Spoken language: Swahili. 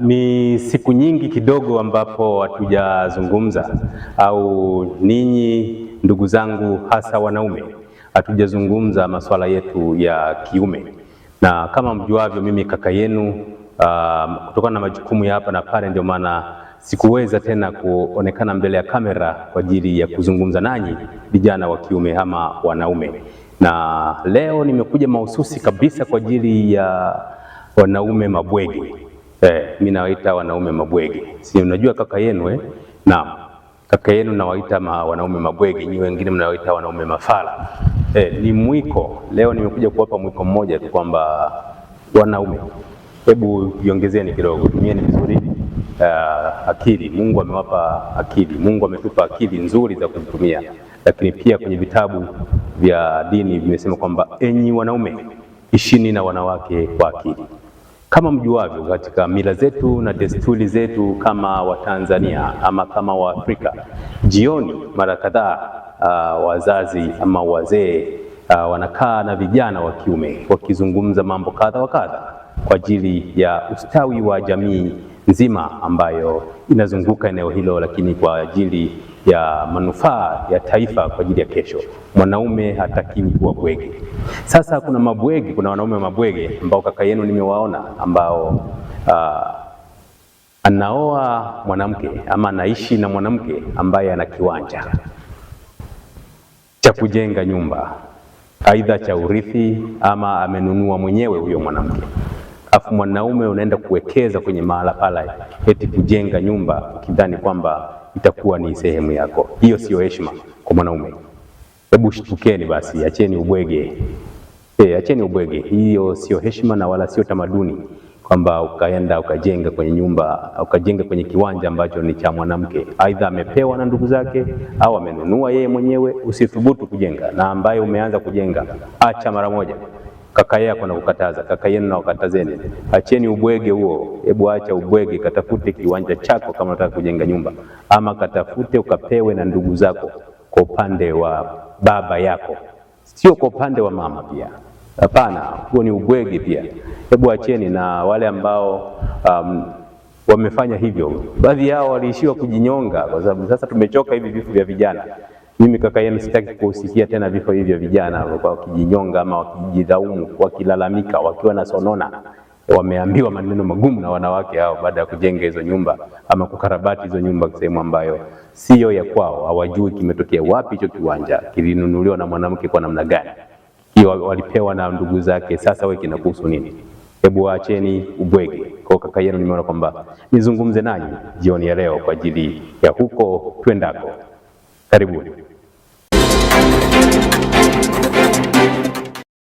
Ni siku nyingi kidogo ambapo hatujazungumza au ninyi ndugu zangu, hasa wanaume, hatujazungumza masuala yetu ya kiume, na kama mjuavyo, mimi kaka yenu um, kutokana na majukumu ya hapa na pale, ndio maana sikuweza tena kuonekana mbele ya kamera kwa ajili ya kuzungumza nanyi vijana wa kiume ama wanaume, na leo nimekuja mahususi kabisa kwa ajili ya wanaume mabwege mimi nawaita wanaume mabwege, si unajua kaka yenu eh? Naam, kaka yenu nawaita ma, wanaume mabwege, nyinyi wengine mnawaita wanaume mafala eh, ni mwiko. Leo nimekuja kuwapa mwiko mmoja tu kwamba wanaume, hebu iongezeni kidogo, tumieni vizuri Uh, akili. Mungu amewapa akili, Mungu ametupa akili nzuri za kuzitumia, lakini pia kwenye vitabu vya dini vimesema kwamba enyi wanaume, ishini na wanawake kwa akili. Kama mjuavyo, katika mila zetu na desturi zetu kama Watanzania ama kama Waafrika, jioni mara kadhaa uh, wazazi ama wazee uh, wanakaa na vijana wa kiume wakizungumza mambo kadha wa kadha kwa ajili ya ustawi wa jamii nzima ambayo inazunguka eneo hilo, lakini kwa ajili ya manufaa ya taifa kwa ajili ya kesho. Mwanaume hatakiwi kuwa bwege. Sasa kuna mabwege, kuna wanaume mabwege ambao kaka yenu nimewaona ambao uh, anaoa mwanamke ama anaishi na mwanamke ambaye ana kiwanja cha kujenga nyumba, aidha cha urithi ama amenunua mwenyewe huyo mwanamke afu mwanaume unaenda kuwekeza kwenye mahala pale eti kujenga nyumba ukidhani kwamba itakuwa ni sehemu yako. Hiyo siyo heshima kwa mwanaume. Hebu shtukeni basi, acheni ubwege e, acheni ubwege. Hiyo siyo heshima na wala sio tamaduni kwamba ukaenda ukajenga kwenye nyumba ukajenga kwenye kiwanja ambacho ni cha mwanamke, aidha amepewa na ndugu zake au amenunua yeye mwenyewe. Usithubutu kujenga, na ambaye umeanza kujenga acha mara moja kaka yako kukataza kaka yenu wakatazeni, acheni ubwege huo. Hebu acha ubwege, katafute kiwanja chako kama unataka kujenga nyumba, ama katafute ukapewe na ndugu zako, kwa upande wa baba yako, sio kwa upande wa mama pia. Hapana, huo ni ubwege pia. Hebu acheni na wale ambao um, wamefanya hivyo. Baadhi yao waliishiwa kujinyonga, kwa sababu sasa tumechoka hivi vifo vya vijana. Mimi kaka yenu sitaki kusikia tena vifo hivyo, vijana wakijinyonga ama wakijidhaumu, wakilalamika, wakiwa na sonona, wameambiwa maneno magumu na wanawake hao, baada ya kujenga hizo nyumba ama kukarabati hizo nyumba sehemu ambayo siyo ya kwao. Hawajui kimetokea wapi, hicho kiwanja kilinunuliwa na mwanamke kwa namna gani, walipewa na ndugu zake. Sasa wewe kinakuhusu nini? Hebu waacheni ubwege. Kwa kaka yenu, nimeona kwamba nizungumze nanyi jioni ya leo kwa ajili ya huko twendako. Karibuni.